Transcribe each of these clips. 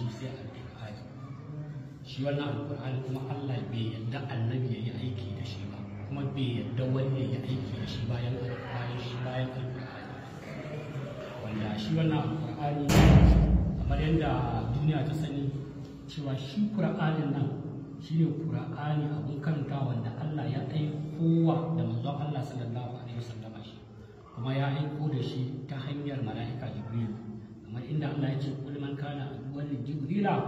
shi sai alƙur'ani shi wannan alƙur'ani kuma Allah bai yadda annabi ya yi aiki da shi ba kuma bai yadda wani ya yi aiki da shi bayan alƙur'ani shi bayan alƙur'ani wanda shi wannan alƙur'ani kamar yadda duniya ta sani cewa shi ƙur'anin nan shi ne ƙur'ani abin kanta wanda Allah ya kowa da manzon Allah sallallahu alaihi wasallam shi kuma ya aiko da shi ta hanyar mala'ika Jibril kamar inda Allah ya ce kul man kana aduwan li jibrila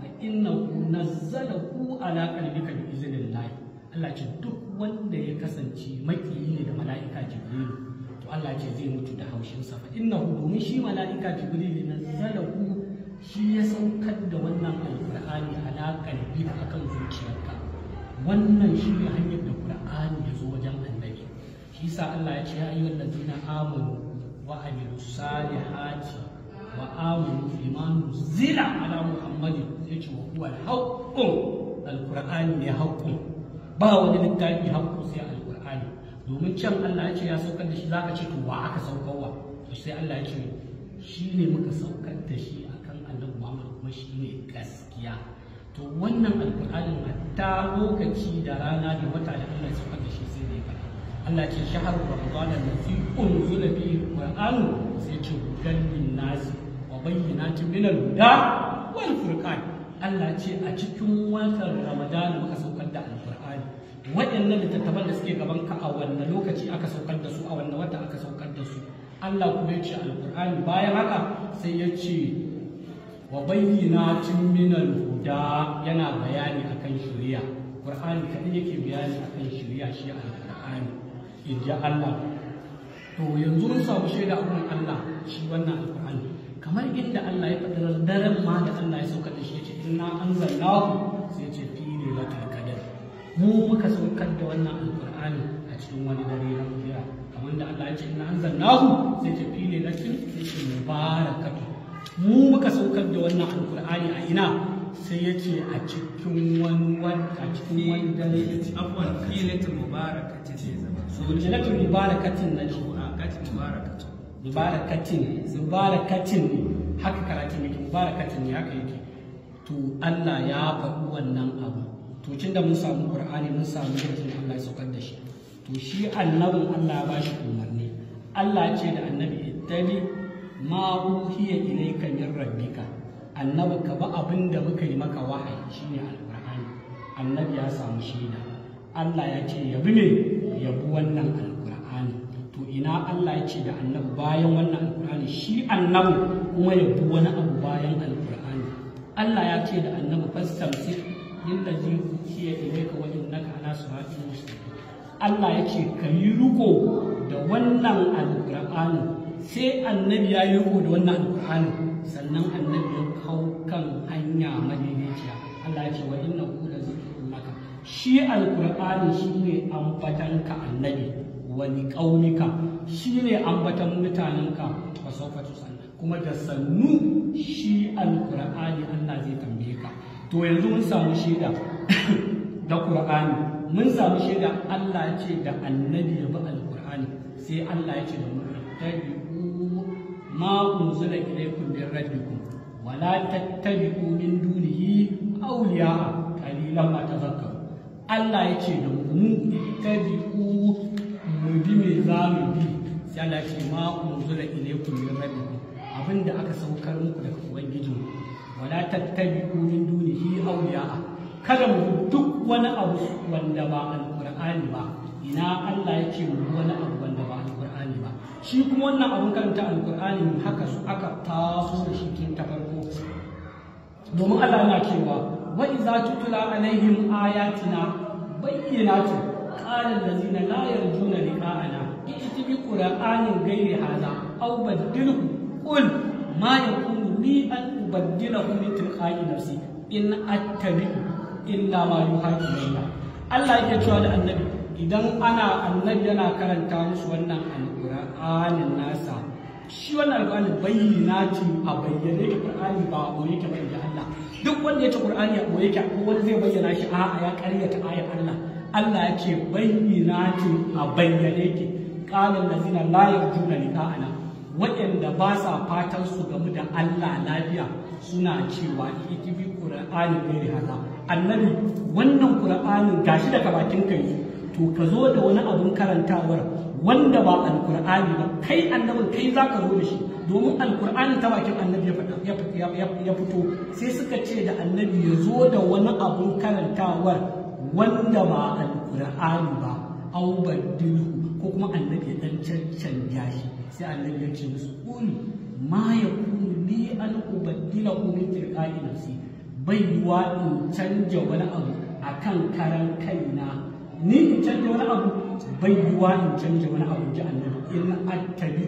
fa innahu nazzalahu ala qalbika bi iznillah Allah ce duk wanda ya kasance makiyi ne da mala'ika jibril to Allah ce zai mutu da haushin sa fa innahu domin shi mala'ika jibril nazzalahu shi ya saukar da wannan alqur'ani ala qalbika akan zuciyarka wannan shi ne hanyar da qur'ani ya zo wajen annabi shi sa Allah ya ce ya ayyuhallazina amanu wa amilus salihati Wa وآمنوا zila ala muhammadin محمد يجي وهو الحق Alƙur'ani ne حق Ba wani littafi haƙƙo sai alƙur'ani domin can Allah ya ce ya saukar da shi za ka ce to wa aka saukarwa to sai Allah ya ce shi ne muka saukar da shi akan Annabi Muhammad kuma shi ne gaskiya to wannan Alƙur'ani alƙur'anin ta lokaci da rana da wata da Allah ya saukar da shi sai ne faɗa Allah ce shahar Ramadan da fi unzula bihi Qur'an sai ce gudan nasi bayyinatin min al-huda wal Allah ce a cikin watan ramadana muka saukar da Al-Qur'ani waɗannan littattafan da suke gaban ka a wannan lokaci aka saukar da su a wannan wata aka saukar da su Allah kuma ya ce Al-Qur'ani bayan haka sai ya ce wa bayyinatin min al-huda yana bayani akan shari'a Qur'ani kadai yake bayani akan shari'a shi Al-Qur'ani in ji Allah to yanzu mun samu shaida Allah shi wannan alƙur'ani kamar inda Allah ya faɗi daren ma da Allah ya sauka da shi yace inna anzalnahu sai ce fi lailatul qadr mu muka saukar da wannan alqur'ani a cikin wani dare na kira kamar da Allah ya ce inna anzalnahu sai ce fi lailatul yace mubarakatu mu muka saukar da wannan alqur'ani a ina sai ya ce a cikin wani a cikin wani dare afwan fi Mubaraka mubarakati sai zama so lailatul mubarakati na a kati mubarakatu mubarakatin mubarakatin haka karatun yake mubarakatin ne haka yake to Allah ya faɗi wannan abu to da mun samu Qur'ani mun samu yadda Allah ya saukar da shi to shi annabin Allah ya bashi umarni Allah ce da annabi ittabi ma uhiya ilayka min rabbika annabi ka ba abin da muka yi maka wahayi shine alqur'ani annabi ya samu shaida Allah ya ce yabi ne yabi wannan alqur'ani to ina Allah ya ce da annabi bayan wannan alkur'ani shi annabi kuma ya bi wani abu bayan alkur'ani Allah ya ce da annabi ji shi ya ilayka wa wani ala ana mustaqim Allah ya ce ka yi riko da wannan alkur'ani sai annabi ya yi riko da wannan alkur'ani sannan annabi ya kau kan hanya madaidaiciya Allah ya ce wa inna la zikrun laka shi alkur'ani shine ka annabi wani ƙaunika shi ne ambatan mutanenka wa sauka sannan kuma da sannu shi alƙur'ani Allah zai tambaye ka to yanzu mun samu shaida da ƙur'ani mun samu shaida Allah ce da annabi ya bi alƙur'ani sai Allah ya ce da mu tabi'u ma unzila ilaykum min rabbikum wala tattabi'u min dunihi awliya qalilan ma tazakkaru Allah ya ce da mu tabi'u mu bi me za mu bi sai Allah ce ma unzila ilaykum min rabbikum abinda aka saukar muku daga ubangiji wala tattabi'u min dunihi awliya'a kada mu duk wani abu wanda ba alqur'ani ba ina Allah yake mu wani abu wanda ba alqur'ani ba shi kuma wannan abun karanta alqur'ani haka su aka taso da shi tun ta domin Allah yana cewa wa idza tutla alaihim ayatina bayyinatin da zina qala allazina la yarjuna liqa'ana itibi qur'anin ghairi hadha aw badilhu qul ma yakunu li an ubaddilahu li na nafsi in in illa ma yuha ilayya Allah yake cewa da annabi idan ana annabi yana karanta musu wannan alqur'anin nasa shi wannan alƙur'ani bayyinatin a bayyane yake ƙur'ani ba a ɓoye yake bayyana Allah duk wanda ya ce ƙur'ani a ɓoye yake ko wani zai bayyana shi a'a ya ta ayar Allah Allah yake ki a bayyane ki qalan lazina la yarjuna liqa'ana waɗanda ba sa fatan su gamu da Allah lafiya suna cewa bi qur'ani gairi haka annabi wannan qur'ani gashi daga bakin kai to ka zo da wani abun karantawar wanda ba alqur'ani ba kai annabi kai za ka zo da shi domin alqur'ani ta bakin annabi ya fito sai suka ce da annabi ya zo da wani abun karantawar wanda ba alƙur'ani ba au baddilu ko kuma annabi dan cancanja shi sai annabi ya ce musu qul ma yakunu li an ubaddilahu min tilqa'i nafsi bai yiwa in canja wani abu akan karan kaina ni in canja wani abu bai yiwa in canja wani abu ji annabi in attabi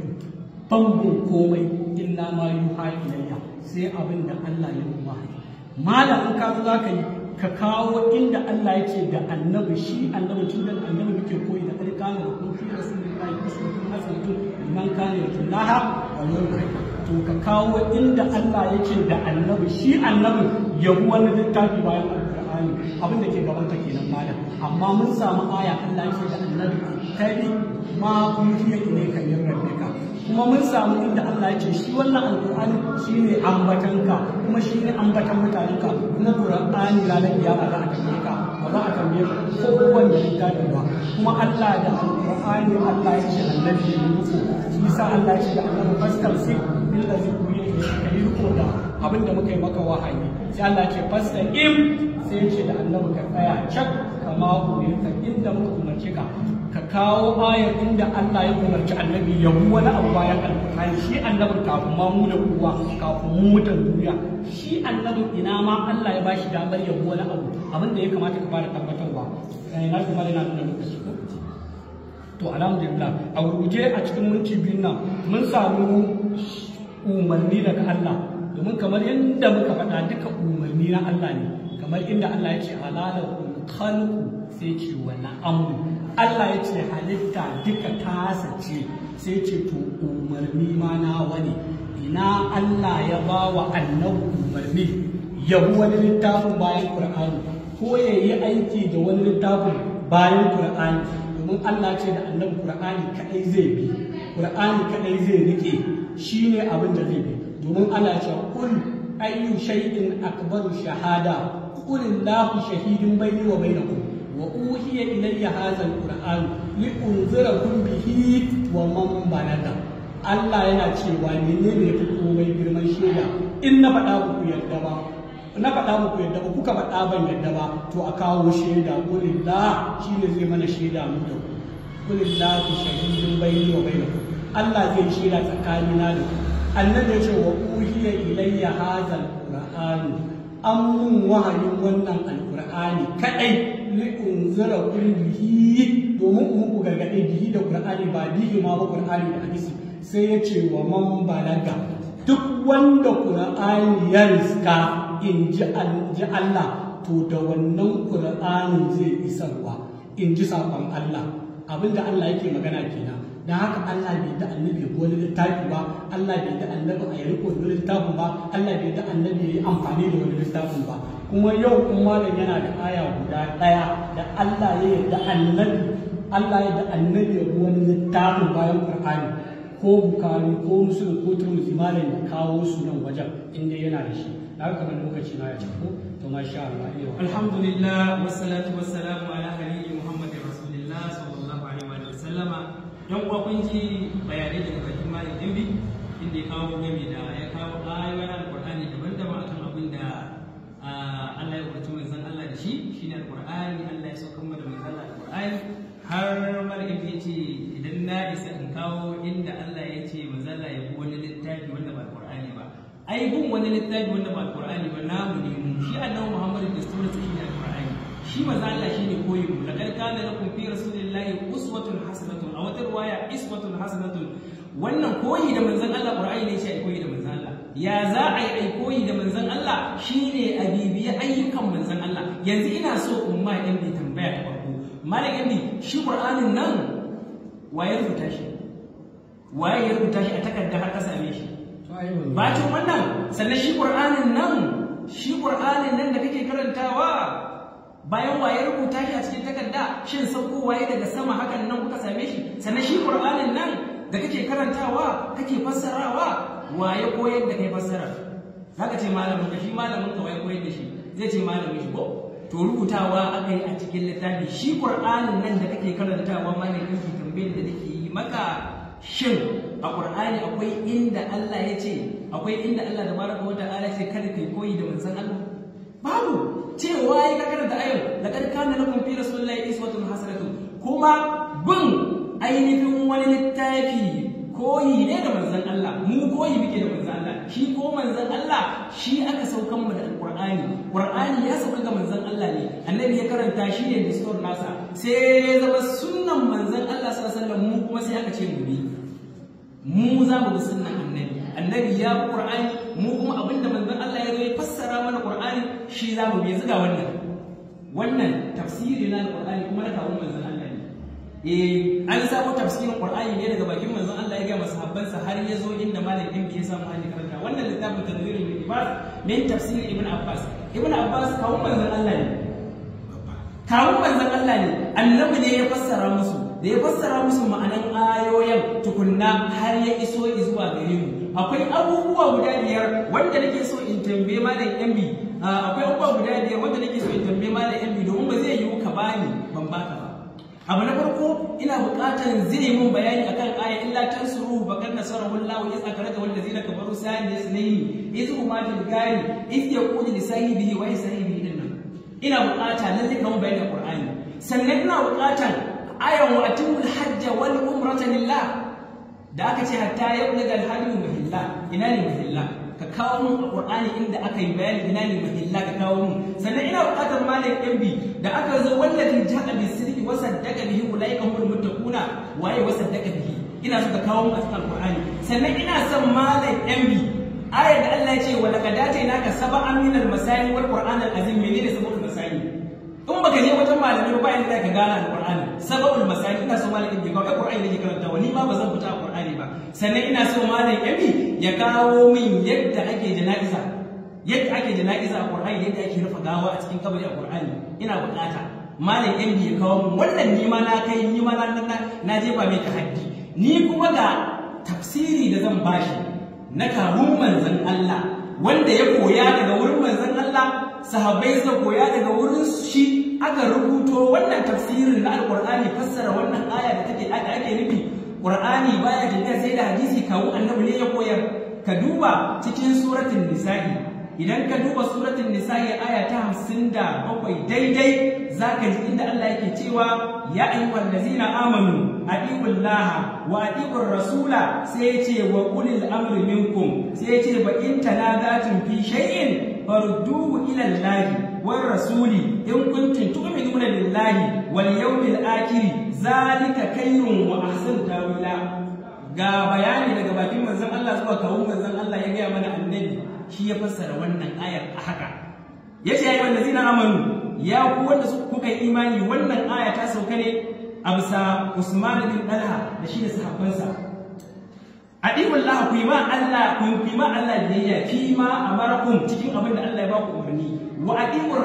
bangun komai illa ma yuha ilayya sai abin da Allah ya wahayi malam ka zo za ka yi ka kawo inda Allah yake da annabi shi annabi tun da annabi muke koyi da alƙana da kun fi rasulullahi sallallahu alaihi wasallam man kana yakullaha wannan yawm to ka kawo inda Allah yake da annabi shi annabi yabu wani littafi bayan alƙur'ani abin da ke gaban ta kenan malam amma mun samu aya Allah yake da annabi kai ma kun fiye ne kan yin ka. kuma mun samu inda Allah ya ce shi wannan alƙur'ani ne ambatanka kuma shi ne ambatan mutanenka na qur'ani ranar kiyama za a tambaye ka ba za a tambaye ka kowanne littafi ba kuma Allah da alƙur'ani Allah ya ce annabi ya muku shi sa Allah ya ce da annabi fastamsik billazi kuyi ka yi riko da abin da muka yi maka wahayi sai Allah ya ce im sai ya ce da annabi ka tsaya cak kama ku ne inda muka umarce ka ka kawo ayar inda Allah ya umarci annabi ya mu wani abu bayan alƙur'ani shi annabin kafin ma mu da kowa kafin mu mutan duniya shi annabin ina ma Allah ya bashi damar ya mu wani abu abin da ya kamata ka fara tabbatarwa eh na kuma na nuna lokaci ko to alhamdulillah a rubuce a cikin minti biyun nan mun samu umarni daga Allah domin kamar yadda muka faɗa duka umarni na Allah ne kamar inda Allah ya ce halalar khalqu sai ce wa na'amu Allah ya ce halitta duka tasa ce sai ce to umarni ma na wani ina Allah ya ba wa annabi umarni bi wani littafin bayan Qur'ani ko ya yi aiki da wani littafin bayan Qur'ani domin Allah ce da annabi kur'ani kaɗai zai bi kur'ani kaɗai zai Shi shine abin da zai bi domin Allah ce kun ayyu shay'in akbaru shahada qul shahidin bai bayni wa bainakum wa uhiya ilayya hadha alquran به ومن bihi wa man balaga Allah yana cewa menene yafi komai girman shaida in na faɗa ku yadda ba na faɗa muku yadda ba kuka faɗa ban yadda ba to a kawo shaida shi ne zai mana shaida mu da ku qulillah shahidun bayni wa ku? Allah zai shaida na da ku annabi ya ce wa uhiya ilayya hazal qur'an an mun wahayin wannan alqur'ani kadai li'unzira kun bihi domin mu ku gargaɗe bihi da Qur'ani ba bihi ma ba Qur'ani da hadisi sai ya ce wa man balaga duk wanda Qur'ani ya riska in ji Allah to da wannan Qur'anin zai isarwa in ji saƙon Allah abinda Allah yake magana kenan da haka Allah bai da annabi ya wani littafi ba Allah bai da annabi a yi wani littafin ba Allah bai da annabi ya yi amfani da wani littafin ba kuma yau in malam yana da aya guda ɗaya da Allah ya yarda annabi Allah ya yarda annabi ya wani littafin bayan Qur'ani ko Bukhari ko Muslim ko Tirmidhi malam ya kawo su nan wajen inda yana da shi na kamar lokaci na ya tafi to masha Allah alhamdulillah wassalatu wassalamu ala nabiyyi Muhammadin rasulillah sallallahu alaihi wa sallama dan kuwa kun ji bayanai daga bakin malam Dimbi inda ya kawo game da ya kawo ayoyin Qur'ani daban-daban akan abin da Allah ya umarci zan Allah da shi shi ne Alƙur'ani, Allah ya saukar da mai zan Alƙur'ani. har mar'in ce idan na isa in kawo inda Allah ya ce manzon ya bi wani littafi wanda ba Alƙur'ani ba ai bin wani littafi wanda ba Alƙur'ani ba na mu nemo shi annabi Muhammadu da sura shi ne Alƙur'ani. shi mazala shi ne koyi mu laqad kana lakum fi rasulillahi uswatun hasanatun a wata riwaya iswatun hasanatun wannan koyi da manzon Allah alƙur'ani ne shi koyi da manzon ya za a yi aikoyi da manzan Allah shine a bibiya ayyukan manzan Allah yanzu ina so in ma yan tambaya ta farko malam yan shi Qur'anin nan waye rubuta shi waye ya rubuta shi a takarda har ka same shi bacin wannan sannan shi Qur'anin nan shi Qur'anin nan da kake karantawa bayan waye rubuta shi a cikin takarda shin sauko waye daga sama hakan nan kuka same shi sannan shi Qur'anin nan da kake karantawa kake fassarawa Waye ya koyar da kai fassara zaka ce malamin ka shi malamin ka waye koyar da shi zai ce malamin shi ko to rubutawa aka yi a cikin littafi shi qur'anin nan da kake karantawa ne kake tambayar da nake yi maka shin a qur'ani akwai inda Allah ya ce akwai inda Allah da baraka wata ala ce kada kai koyi da manzon Allah babu cewa ya kakar da ayon da kana na fi rasulullahi iswatun hasanatu kuma bin ainihin wani littafi koyi ne da manzon Allah mu koyi muke da manzon Allah shi ko manzon Allah shi aka saukan mu da alqur'ani qur'ani ya sauka ga manzon Allah ne annabi ya karanta shi ne da distor nasa sai ya zama sunnan manzon Allah sallallahu alaihi wasallam mu kuma sai aka ce mu bi mu za mu bi sunnan annabi annabi ya bi qur'ani mu kuma abinda manzon Allah ya zo ya fassara mana qur'ani shi za mu bi zuga wannan wannan tafsiri na alqur'ani kuma na kawo manzon Allah eh an sabo tafsirin qur'ani ne daga bakin manzon Allah ya ga masahabbansa har ya zo inda malamin ke ke samu hali karanta wannan littafin tanwirul ibad min tafsirin ibn abbas ibn abbas kawun manzon Allah ne kawun manzon Allah ne annabi ne ya fassara musu da ya fassara musu ma'anan ayoyin tukunna har ya iso zuwa gare mu akwai abubuwa guda biyar wanda nake so in tambaye malam Yambi ah, akwai abubuwa guda biyar wanda nake so in tambaye malam Yambi domin ba zai yiwu ka bani ban baka abu na farko ina buƙatar zai mun bayani akan ayat illa tansuru bakar nasara wallahu iz akraja wal ladina kafaru sa'id isnayn iz huma fil gari iz yaqulu li sahibihi wa sahibihi dinna ina buƙata nan zai kawo bayani Qur'ani sannan ina buƙatar ayan wa atimul hajja wal umrata lillah da aka ce hatta yablaga al hajju mahilla ina ne billah ka kawo mun a Qur'ani inda aka yi bayani ina ne billah ka kawo mun sannan ina buƙatar malik MB da aka zo wallahi ja'a bi Wasan daga bihi ulaika humul muttaquna waye wasan daga bihi ina so ka kawo mu a cikin alqur'ani sannan ina son malam bi ayar da Allah ya ce wa laqad atainaka sab'an minal masani wal qur'anal azim menene sab'ul masani in baka je wajen malami ba da ka gane alqur'ani sababul mas'ani ina so malamin ya kawo alqur'ani yake karanta wani ma ba zan fita alqur'ani ba sannan ina so malamin bi ya kawo min yadda ake jana'iza yadda ake jana'iza alqur'ani yadda ake rufa gawa a cikin kabari alqur'ani ina bukata malam MD ya kawo mu wannan nima na kai ni ma na na je ba mai tahaddi ni kuma ga tafsiri da zan bashi na karun manzon Allah wanda ya koya daga wurin manzon Allah sahabai suka koya daga wurin shi aka rubuto wannan tafsirin na alkur'ani fassara wannan aya da take aka ake nufi qur'ani baya tafiya sai da hadisi kawo annabi ne ya koyar ka duba cikin suratul nisa'i idan ka duba Nisa ya aya ta bakwai daidai zaka ji inda Allah yake cewa ya ayyuhallazina amanu atiqullaha wa atiqur rasula sai ce wa ulil amri minkum sai ce ba in tanazatum fi shay'in farudduhu ila Allah والرسول إن كنتم تؤمنون بالله واليوم الآخر ذلك خير وأحسن tawila ga bayani daga bakin manzon Allah zuwa kawun manzon Allah ya gaya mana annabi shi ya fassara wannan ayar a haka ya ce ayi wanda zina amanu ya ku wanda kuka yi imani wannan ayar ta sauka ne a bisa usman bin dalha da shi da sahabbansa adiwullah ku yi ma Allah ku yi ma Allah biyayya fi ma amarakum cikin abin da Allah ya ba ku umarni wa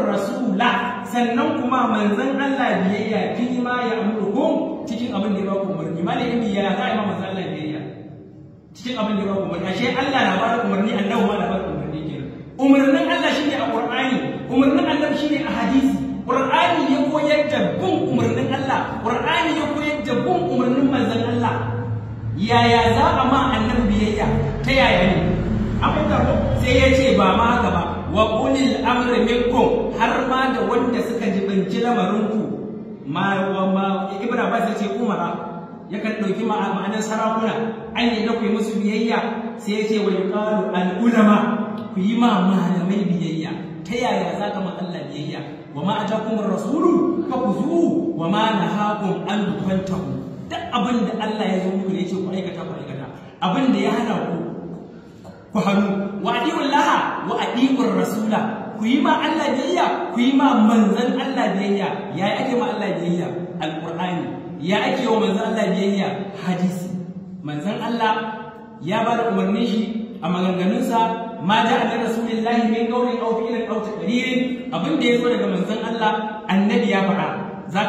rasu rasula sannan kuma manzon Allah biyayya fi ma ya'murukum cikin abin da ya ba ku umarni malamin ya yi ma manzon Allah biyayya cikin abin da ba umarni ashe Allah na bada umarni annabi ma na bada umarni kenan umarnin Allah shine a Qur'ani umarnin annabi shine a hadisi Qur'ani ya koyar da bin umarnin Allah Qur'ani ya koyar da bin umarnin manzon Allah yaya za a ma annabi biyayya ta yaya ne abin da sai ya ce ba ma haka ba wa ulil amri minkum har ma da wanda suka ji jibinci lamarinku ma wa ma ibnu abbas ya ce umara yakan ɗauki ma'anar sarakuna an yi na ku yi musu biyayya sai ya ce wa yuqalu al ulama ku yi ma malamai biyayya ta yaya za ka ma Allah biyayya wa ma atakum rasulu fa kuzuhu wa ma nahakum an tufantahu duk abin da Allah ya zo muku ne ce ku aikata ku aikata abin da ya hana ku ku hannu wa adiullaha wa adiur rasula ku yi ma Allah biyayya ku yi ma manzan Allah biyayya ya yi ake ma Allah biyayya Alƙur'ani. ya ake wa manzan Allah biyayya hadisi manzan Allah ya ba da umarnin shi a maganganunsa ma da annabi rasulullahi min qawlin aw fi'lin aw taqririn abin da yazo daga Manzan Allah annabi ya faɗa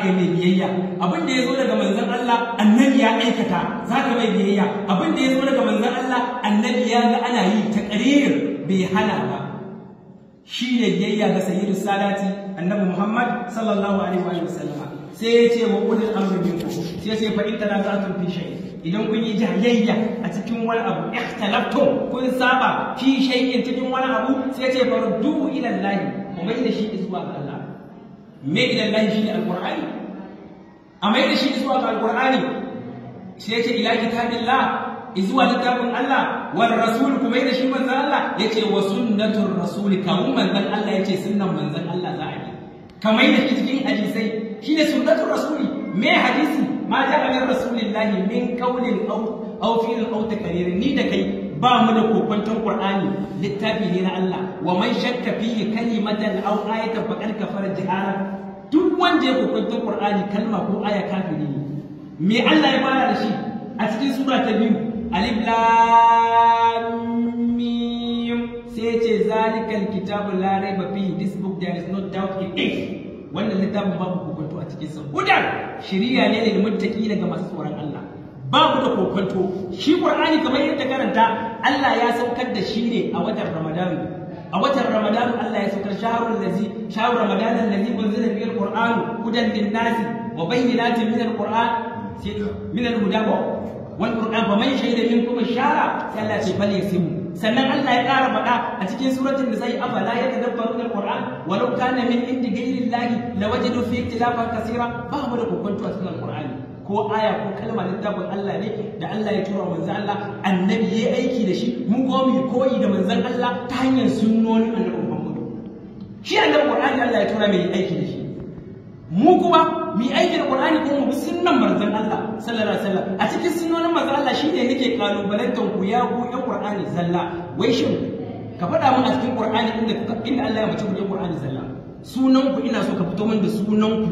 ka yi mai biyayya abin da yazo daga Manzan Allah annabi ya aikata za ka mai biyayya abin da yazo daga Manzan Allah annabi ya ga ana yi taqrir bai hana ba Shi ne biyayya ga sayyidu salati annabi Muhammad sallallahu alaihi wa sallam sai ya ce ma'ulul amri minku sai ce fa in tanaza'tum fi shay'in idan kun yi jayayya a cikin wani abu ikhtalaftum kun saba fi shay'in cikin wani abu sai ce faruddu ila Allah kuma ila shi zuwa ga Allah me ila Allah shi alqur'ani amma ila shi zuwa ga alqur'ani sai ce ila kitabillah zuwa littafin Allah wal rasul kuma ila shi manzon Allah yace wa sunnatur rasul kamun manzon Allah yace sunnan manzon Allah za a yi kamar da ke cikin hadisai shine sunnatul rasuli me hadisi ma ja'a min rasulillahi min kaulin aw aw fi'lin aw takrir ni da kai ba mu da kokwanton qur'ani littafi ne na Allah wa man shakka fihi kalimatan aw ayatan faqad kafara jihara duk wanda ya kokwanton qur'ani kalma ko aya kafiri ne me Allah ya fara da shi a cikin sura ta biyu alif lam mim sai ya ce zalikal kitabu la raiba fihi this book there is no doubt in it wannan littafin babu kokonto a cikin sa hudan shirya ne lil muttaqina daga masu tsoron Allah babu da kokonto shi qur'ani kamar yadda karanta Allah ya saukar da shi ne a watan ramadan a watan ramadan Allah ya saukar shahrul ladzi shahrul ramadan alladhi unzila fihi alquran hudan lin nas wa bayyinatin min alquran min alhuda wal qur'an faman shahida minkum shara sai Allah ya ce bal yasimu sannan Allah ya ƙara faɗa a cikin suratul nisa'i afala na alquran walau kana min indi waje lawajidu fi ikhtilafan kaseera ba mu da kokonto a cikin ko aya ko kalma littafin Allah ne da Allah ya tura manzon Allah annabi yayi aiki da shi mu ko mu koyi da manzon Allah ta hanyar sunnonin annabi Muhammad shi annabi Qur'ani Allah ya tura mai aiki da shi mu kuma mu yi aiki Qur'ani ko mu bi sunnan manzon Allah sallallahu alaihi wasallam a cikin sunnonin manzon Allah shine nake kalubalantan ku ya ku ɗan Qur'ani zalla wai shin ka faɗa mun a cikin Qur'ani inda inda Allah ya mace ku ya Qur'ani zalla sunan ku ina so ka fito min da sunan ku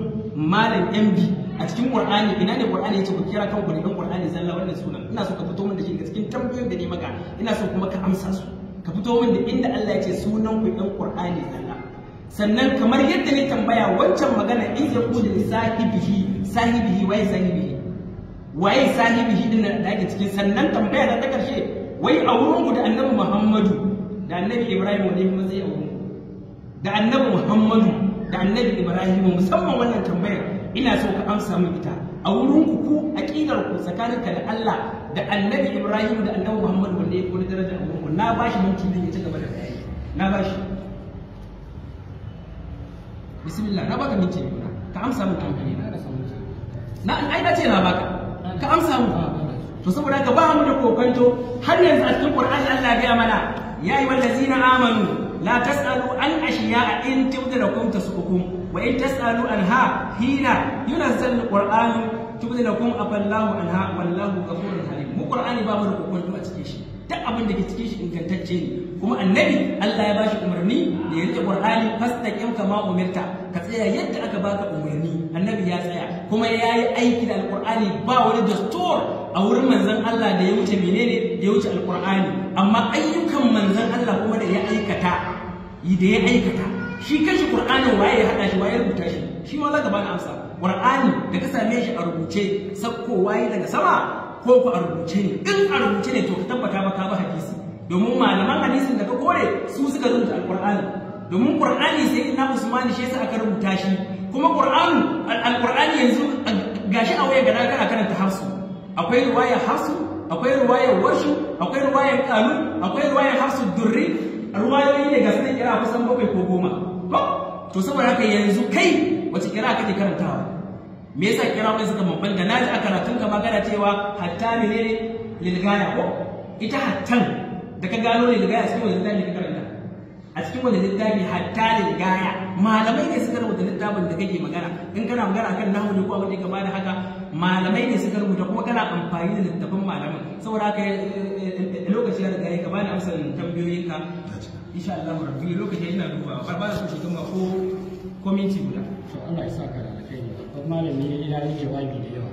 malam MB a cikin Qur'ani ina ne Qur'ani yace ku kira kanku da ɗan Qur'ani zalla wannan sunan ina so ka fito min da shi daga cikin tambayoyin da ni maka ina so kuma ka amsa su ka fito min da inda Allah ya ce sunan ku ɗan Qur'ani zalla sannan kamar yadda ne tambaya wancan magana in ya kudin sahibihi sahibihi waye sahibihi wai sahibihi din da ake cikin sannan tambaya ta karshe wai a wurin da annabi Muhammadu da annabi Ibrahim wani kuma zai auri da annabi Muhammadu da annabi Ibrahim musamman wannan tambaya ina so ka amsa min ita a wurin ku ku aqidar ku tsakaninka da Allah da annabi Ibrahim da annabi Muhammadu wanda ya kula darajar a ku na bashi minti ne ya ci gaba da bayani na bashi bismillah na baka minti biyu ka amsa min tambaye na na ai na ce na baka ka amsa min to saboda ka ba mu da kokonto har yanzu a cikin Qur'ani Allah ya mana ya ayyuhal ladzina amanu la tasalu an ashiya'a in tubdilakum tasukum wa in tasalu anha hina yunazzal qur'anu tubdilakum afallahu anha wallahu ghafurur halim mu Qur'ani ba mu da kokonto a cikin shi duk abin da ke cikin shi ingantacce ne kuma annabi Allah ya bashi umarni da ya rike Qur'ani fastaqim kama umirta ka tsaya yadda aka baka umarni annabi ya tsaya kuma ya yi aiki da Qur'ani ba wani dastur a wurin manzon Allah da ya wuce menene da ya wuce alqur'ani amma ayyukan manzon Allah kuma da ya aikata da ya aikata shi kashi Qur'anin waye ya hada shi waye rubuta shi shi ma zaka bani amsa Qur'ani da ka same shi a rubuce sakko waye daga sama ko ku a rubuce ne in a rubuce ne to ka tabbata ba ka ba hadisi domin malaman hadisin da ka kore su suka rubuta Alƙur'ani. domin ƙur'ani sai ina usmani shi yasa aka rubuta shi kuma qur'anu alqur'ani yanzu gashi a waya gara kana karanta hafsu akwai Ruwaya hafsu akwai Ruwaya washu akwai Ruwaya kanu akwai ruwaya hafsu durri riwayoyi ne ga sanin kira kusan bakwai ko goma to saboda haka yanzu kai wace kira kake karantawa me yasa kira kai suka babban da naji a karatun ka magana cewa hatta ne ne lilgaya ko ita hattan da ka gano rigaya a cikin wani littafi ka karanta a cikin wani littafi hatta gaya malamai ne suka rubuta littafin da kake magana in kana magana akan namu ne ko abin da ya bada haka malamai ne suka rubuta kuma kana amfani da littafin malamin saboda haka eh, eh, eh, lokaci ya riga ya ka bani amsar tambayoyinka insha Allah rabbi lokaci ina duba ba ba su shiga ma ko ko minti guda to Allah ya saka da kai ko babban ne ya yi wani da yawa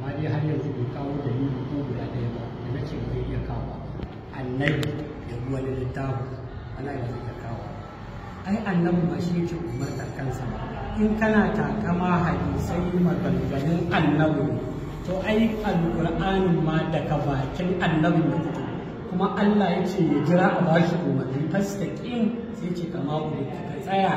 amma dai har yanzu bai kawo dalili ko guda ɗaya ba da nace bai iya kawo annai da da littafi ana yi ta kawo ai annabi ba shi yake umartar kansa ba in kana takama hadisai maganganun annabi to ai alkur'ani ma daga bakin annabi kuma Allah ya ce ya jira a shi umarni fastaqim sai ce kama ku ka tsaya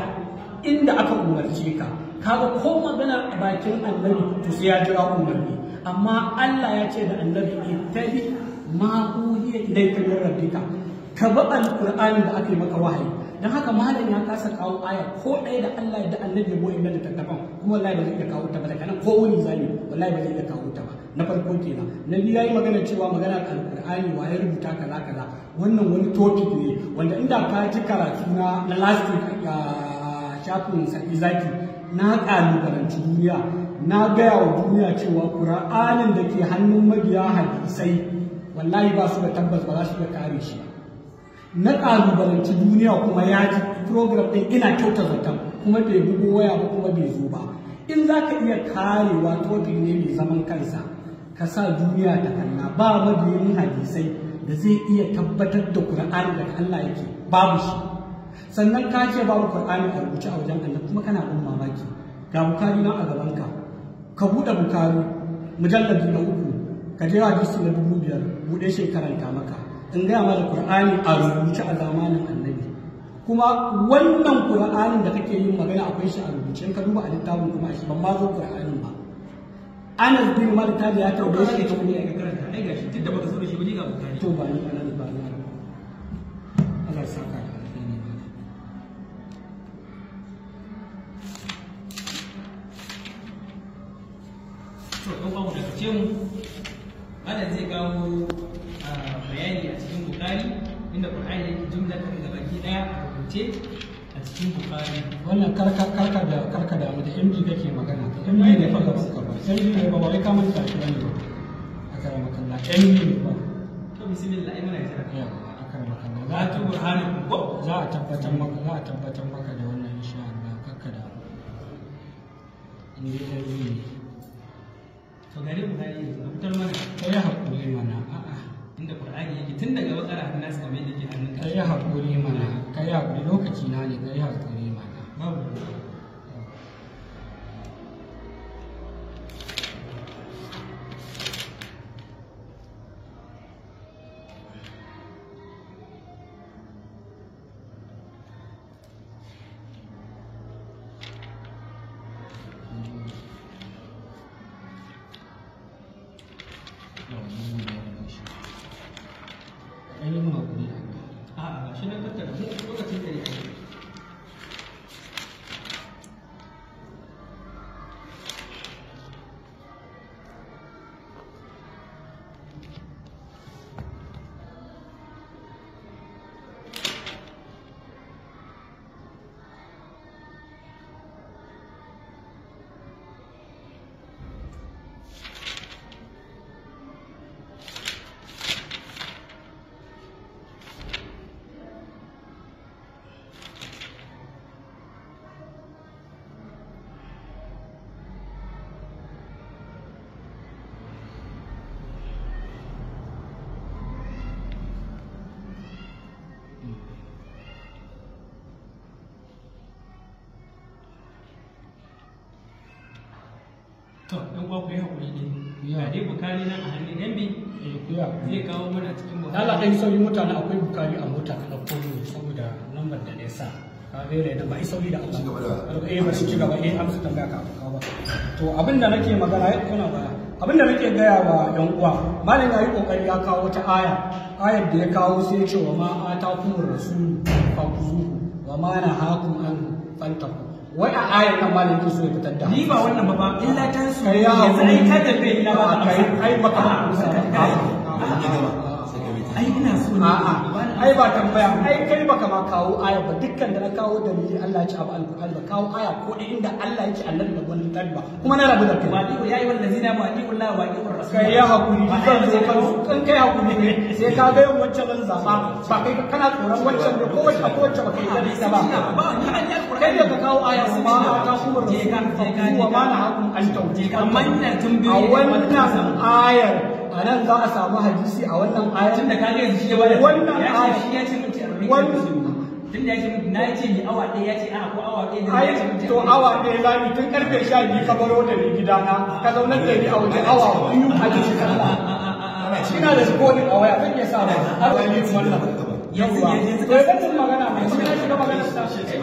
inda aka umarce ka kaga ko magana a bakin annabi to sai ya jira umarni amma Allah ya ce da annabi ittabi ma ka bi da aka yi maka wahayi dan haka malam ya kasa kawo aya ko ɗaya da Allah ya da annabi ya boye nan da kuma wallahi ba zai iya kawo ta ba daga nan ko wani zani wallahi ba zai iya kawo ta ba na farko kenan na biyu yayi magana cewa magana alqur'ani wa ya rubuta kaza kaza wannan wani topic ne wanda inda ka ji karatu na na last week a shafin sa'i zaki na kalubalanci duniya na gaya wa duniya cewa qur'anin da ke hannun mabiya hadisai wallahi ba su da tabbas ba za su iya kare shi na ƙalubalanci duniya kuma ya ji program ɗin ina kyauta zaton kuma bai bugu waya ba kuma bai zo ba in za ka iya karewa topic ne mai zaman kansa ka sa duniya ta kalla ba mabiyin hadisai da zai iya tabbatar da Qur'ani daga Allah yake babu shi sannan ka ce babu Qur'ani a rubuce a wajen Allah kuma kana bin mamaki ga bukari nan a gaban ka ka buɗe bukari mujalladi na uku ka je hadisi na dubu biyar buɗe shi karanta maka in gaya ma qur'ani a rubuce a zamanin annabi kuma wannan qur'anin da kake yin magana akwai shi a rubuce in ka duba a littafin kuma shi ban ma zo qur'anin ba Anas bin Malik ta ya tawo shi ta kuma ya karanta ai gashi duk da baka so da shi ba ni ga bukari to ba ni Anas ba Allah ya saka ka to ɗan uwan mu da mu malam zai kawo ah, bayani a cikin bukari inda qur'ani yake jumla kan gaba ki daya a rubuce a cikin bukari wannan karka karka da karka da mata MD kake magana MD ne fa gaba ka ba MD ne ba wai ka manta shi bane ba a karama kalla MD ne ba to bismillah ai muna jira a karama makalla. za a burhanu ko za a tabbatar maka za a tabbatar maka da wannan insha Allah karka da MD ne to gare mu gare mu fitar mana ko ya haƙuri mana a'a inda qur'ani yake tun daga bakara har nasu kamar yadda ke hannun ka ya haƙuri mana kai haƙuri lokaci na ne ka ya haƙuri mana babu to ɗan yi hakuri ne dai bukari nan a hannun yan bi eh, zai kawo mana cikin bukari sauri mutane akwai bukari a mota ka dauko ne saboda lambar da ya sa ka rere da ba sauri da Allah ba su eh, ci gaba eh amsa tambaya ka kawo ba to abinda nake magana ya kuna ba abinda nake gaya wa yan uwa malam yi kokari ya kawo wata aya ayar da ya kawo sai ya ce wa ma atakumur rasul fa kuzuhu wa ma nahakum an fantakum wai a ayar nan malam yake so ya fitar da ni ba wannan ba illa ta su yanzu dai ka tafi illa ba kai ai baka ai ina so a'a ai ba tambaya ai kai baka ma kawo aya ba dukkan da na kawo dalili Allah ya ci abu alqur'ani ba kawo aya ko inda Allah ya ci annabi da gwanin talba kuma na rabu da kai wadiu ya yi wal ladina wadiu la wadiu rasul kai ya hakuri zan zo kan kan kai hakuri ne sai ka ga yin wancan zan zaba ba kai kana tsoron wancan ne ko wacce ko wacce ba kai da ba ba ni an yi alqur'ani kai ka kawo aya ba ta kuma rasul ka ka ka ma na hakun an tauji amma ina tambaye a wannan ayar a nan za a samu hadisi a wannan ayar tun da ka ga shi ya bada wannan ayar shi ya ce mun ce wannan tun da ya ce na ce ni awa ɗaya ya ce a ko awa ɗaya ya ce to awa ɗaya za ni tun karfe sha biyu ka baro da ni na. ka zaunar da ni a waje awa biyu a jikin ina da ko ni a waya kan ya sa ba har wani wannan yawwa shiga magana ta shiga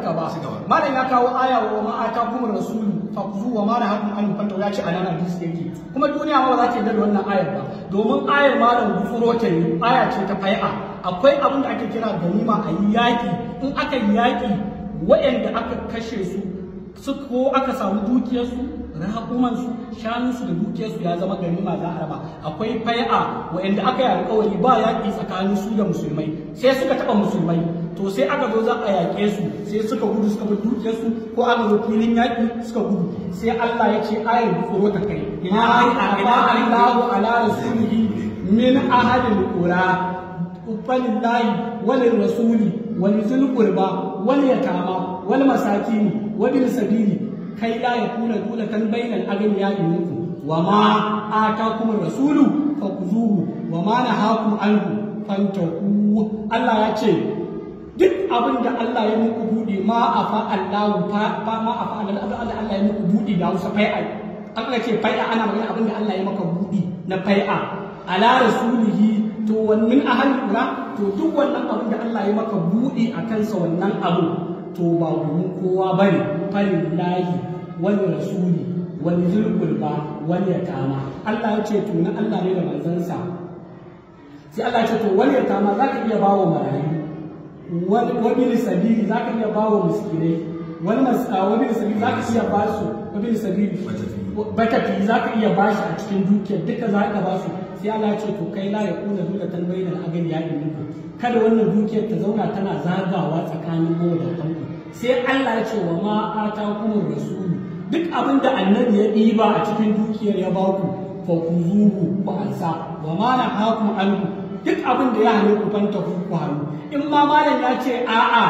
ka ba malam ya kawo aya wa ma kuma rasulu fa kuzu wa ma la an fata ya ce anan hadisi yake kuma duniya ma ba za ta yarda da wannan ayar ba domin ayar malam gufuro ta aya ce ta fai'a akwai abin da ake kira ganima a yi yaki in aka yi yaki waɗanda aka kashe su ko aka samu dukiyarsu su shanun su da su ya zama ma za a raba akwai fai'a wa'anda aka yi alƙawari ba yaƙi tsakanin su da musulmai sai suka taɓa musulmai to sai aka zo za a yaƙe su sai suka gudu suka bar su. ko aka zo filin yaƙi suka gudu sai Allah ya ce ayar tsoro ta kai ina ina Allahu ala rasulihi min ahadin qura ubbalillahi wal rasuli wani zul wani wal yatama wal masakin wani sabili kai la yakuna dulatan bainal yi muku wa ma kuma rasulu kuzuhu wa ma haku anhu fantahu Allah ya ce duk abin da Allah ya muku buɗe ma a fa'allahu fa ma a fa'allahu Allah ya muku buɗe da Hausa fai'a Allah ce fai'a ana magana abin da Allah ya maka buɗi na fai'a ala rasulihi to wannan ahal kura to duk wannan abin da Allah ya maka buɗi a kansa wannan abu to ba domin kowa ba ne farin lahi wani rasuli wani zirgul ba wani ya tama Allah ya ce to na Allah ne da manzansa sai Allah ya ce to wani ya tama za ka iya ba wa marayu wani lisabili za ka iya ba wa miskinai wani wani lisabili za ka iya ba su wani lisabili batafi za ka iya ba shi a cikin dukiyar duka za ka ba su sai Allah ya ce to kai la ya kuna duka tanbayi da agani ya ilmi kada wannan dukiyar ta zauna tana zagawa tsakanin da kanku sai Allah ya ce wa ma kuma rasulu duk abin da annabi ya ɗiba a cikin dukiyar ya ba ku fa zuhu ku ansa wa ma haku anku duk abin da ya hane ku fanta ku hanu in ma malam ya ce a'a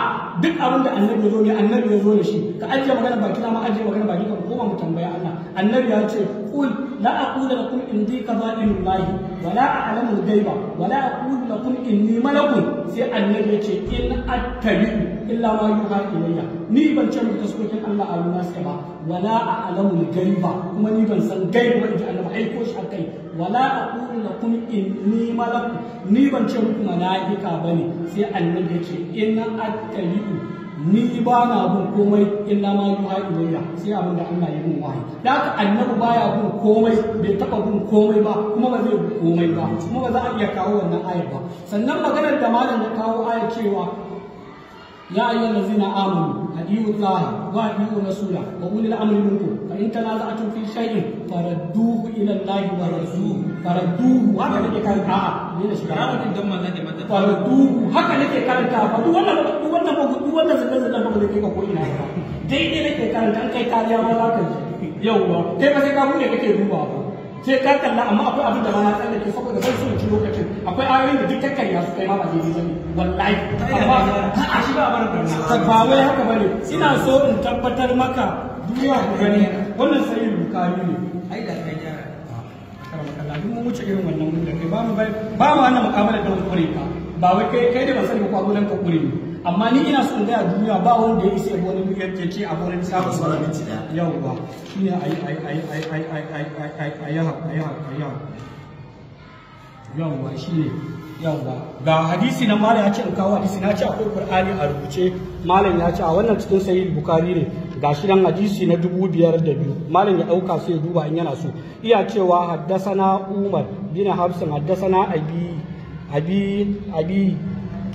duk abin da annabi ya zo ne annabi ya zo da shi ka ajiye magana baki na ma ajiye magana baki ka koma mu tambaya Allah annabi ya ce يقول لا أقول لكم عندي خزائن الله ولا أعلم الغيب ولا أقول لكم إني ملك سي النبي إن أتبع إلا ما يوحى إلي ni ban ce muku taskokin Allah a ruwa sai ba wala a'lamu al-ghaiba kuma ni ban san gaiba ba inji Allah ai ko shi akai wala aqulu lakum inni malak ni ban ce muku malaika sai annabi yake in ni ba na bin komai na ma yuha ilayya sai abin da Allah ya bin wahayi da haka annabi baya bin komai bai taba bin komai ba kuma ba zai bin komai ba kuma ba za a iya kawo wannan ayar ba sannan maganar da malam ya kawo ayar cewa ya ayyuhal ladzina amanu adiyu Allah wa adiyu rasula wa ulil amri minkum fa in tanaza'tum fi shay'in farudduhu ila allahi wa rasul farudduhu haka nake karanta a ne da shi farudduhu haka nake karanta fa duk wannan wannan ba duk wannan zaka zaka ba zai ka koyi na ba daidai ne kai karanta an kai kariya ma za ka ji yau ba kai ba sai ka bude kake duba ba sai ka kalla amma akwai abin da ba na tsallake saboda sai sun ci lokacin akwai ayoyin da duk takan ya su kai ma ba daidai bane wallahi amma a shi ba bar da ba wai haka bane ina so in tabbatar maka duniya ku gani wannan sai bukari ne ai da kai gyara duk mun wuce irin wannan mun da kai ba mu ba mu wannan mu'amalar da mu kure ba wai kai kai da ba sani ko abulan ka kure ne amma ni ina son gaya duniya ba wanda ya isa wani miliyan ya ce a wurin samun sa da yau ba shi ne ayi ayi ayi ayi ayi ayi ayi ayi ayi ayi yawwa shi ne yawwa ga hadisi na malam ya ce in kawo hadisi na ce akwai qur'ani a rubuce malam ya ce a wannan cikin sahih bukari ne ga shi nan hadisi na dubu biyar da biyu malam ya ɗauka sai ya duba in yana so iya cewa haddasa na umar bin hafsin haddasa na abi abi abi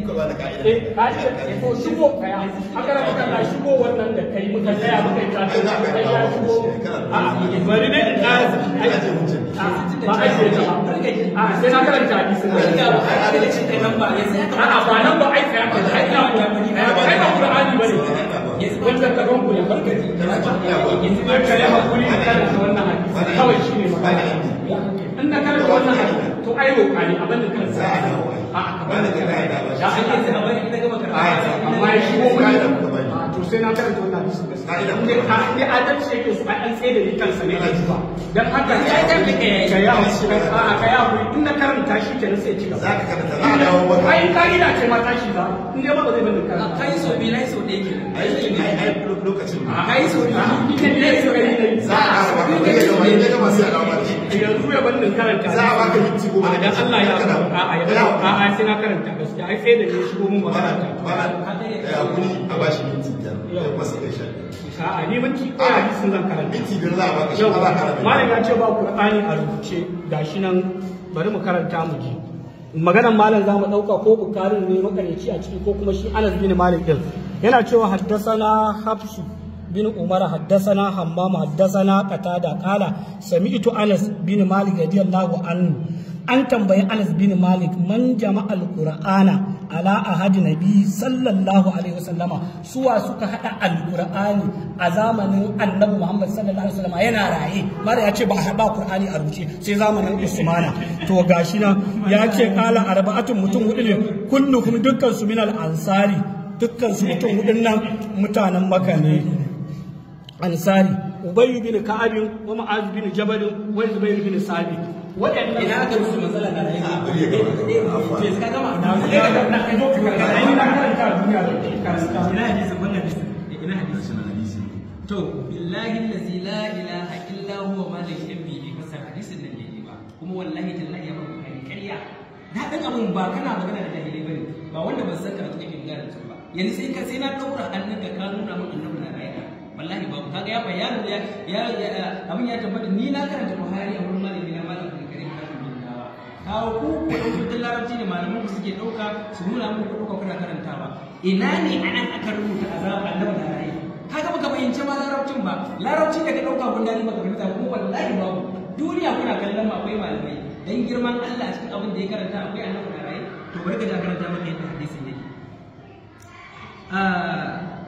ni ka ba da ka'ida eh ka'ida to shigo kaya haka na kana shigo wannan da kai muka tsaya muka ta ta kai ya shigo ah, bari ne in ƙara ai je mu ah, ba ai je ta a ah, sai na karanta hadisi ne ga ba ai da ce nan ba sai a ba nan ba ai kai ka ai na ba ai ba Qur'ani bane yanzu wannan ka ronku ya barkaci yanzu barka ya hakuri da wannan hadisi kawai shine magana in na karɓi wannan abu to ai roƙa ne abin da kansa a kamar da kana da ba shi ake sai abin da gama karɓa amma ya shigo ka da to sai na karanta wannan hadisi gaskiya in ka ni adalci yake su an tsaye da ni kansa ne a zuwa dan haka ya ga me ke ga ya shi a a ka ya ku in na karanta shi kenan sai ci gaba za karanta za a dawo ba ai ka ina ce ma tashi ba in dai ba zai bani karanta kai so bi lai so dai ke ai ai ai lokacin ai so bi ne ne so ne za a ba ne ne ga ba sai yanzu ya ban din karanta za a baka minti goma a dan Allah ya a a a a sai na karanta gaskiya ai sai da ne shigo mun magana ba a kuni a bashi minti biyar ya masa kai sha a a ni minti ɗaya hadisin zan karanta minti biyar za a baka shi ba karanta malam ya ce ba qur'ani a rubuce gashi nan bari mu karanta mu ji maganan malam za mu ɗauka ko bukarin ne makareci a ciki ko kuma shi Anas bin Malik din yana cewa na Hafsu بن عمر حدثنا حمام حدثنا قتادة قال سمعت أنس بن مالك رضي الله عنه an tambayi Anas bin Malik man jama'al Qur'ana ala ahadi nabi sallallahu alaihi wasallama suwa suka hada alqur'ani a zamanin annabi Muhammad sallallahu alaihi wasallama yana raye mara ya ce ba hada kurani a rubuce sai zamanin Usmana to gashina na ya ce kala arba'atun mutum hudu ne kullukum dukkan su min al ansari dukkan mutum nan mutanen Makka ne ansari ubayy bin ka'ab wa ma'az bin jabal wa zubair bin sabi waɗannan ina ga su matsala da ai a bari ga wannan da ne da ina to ne ba kuma ya ba kana magana da jahilai ba wanda ban san karatu da ba yanzu sai ka sai na ɗaura hannun da, ka nuna min annabi na wallahi babu kaga ya bayyana ya ya abin ya tabbata ni na karanta Buhari a wurin malami na malam Abdul Karim da bin Dawa kawo ku ku rubuta larabci ne malamin ku suke dauka su nuna muku ku dauka kuna karantawa ina ne anan aka rubuta azab Allah da rai kaga baka bayyance ma larabcin ba larabcin da ka dauka gundari baka rubuta kuma wallahi babu duniya kuna kallon ma akwai malamai dan girman Allah a cikin abin da ya karanta akwai annabi da rai to bari ka da karanta maka yadda hadisin yake ah,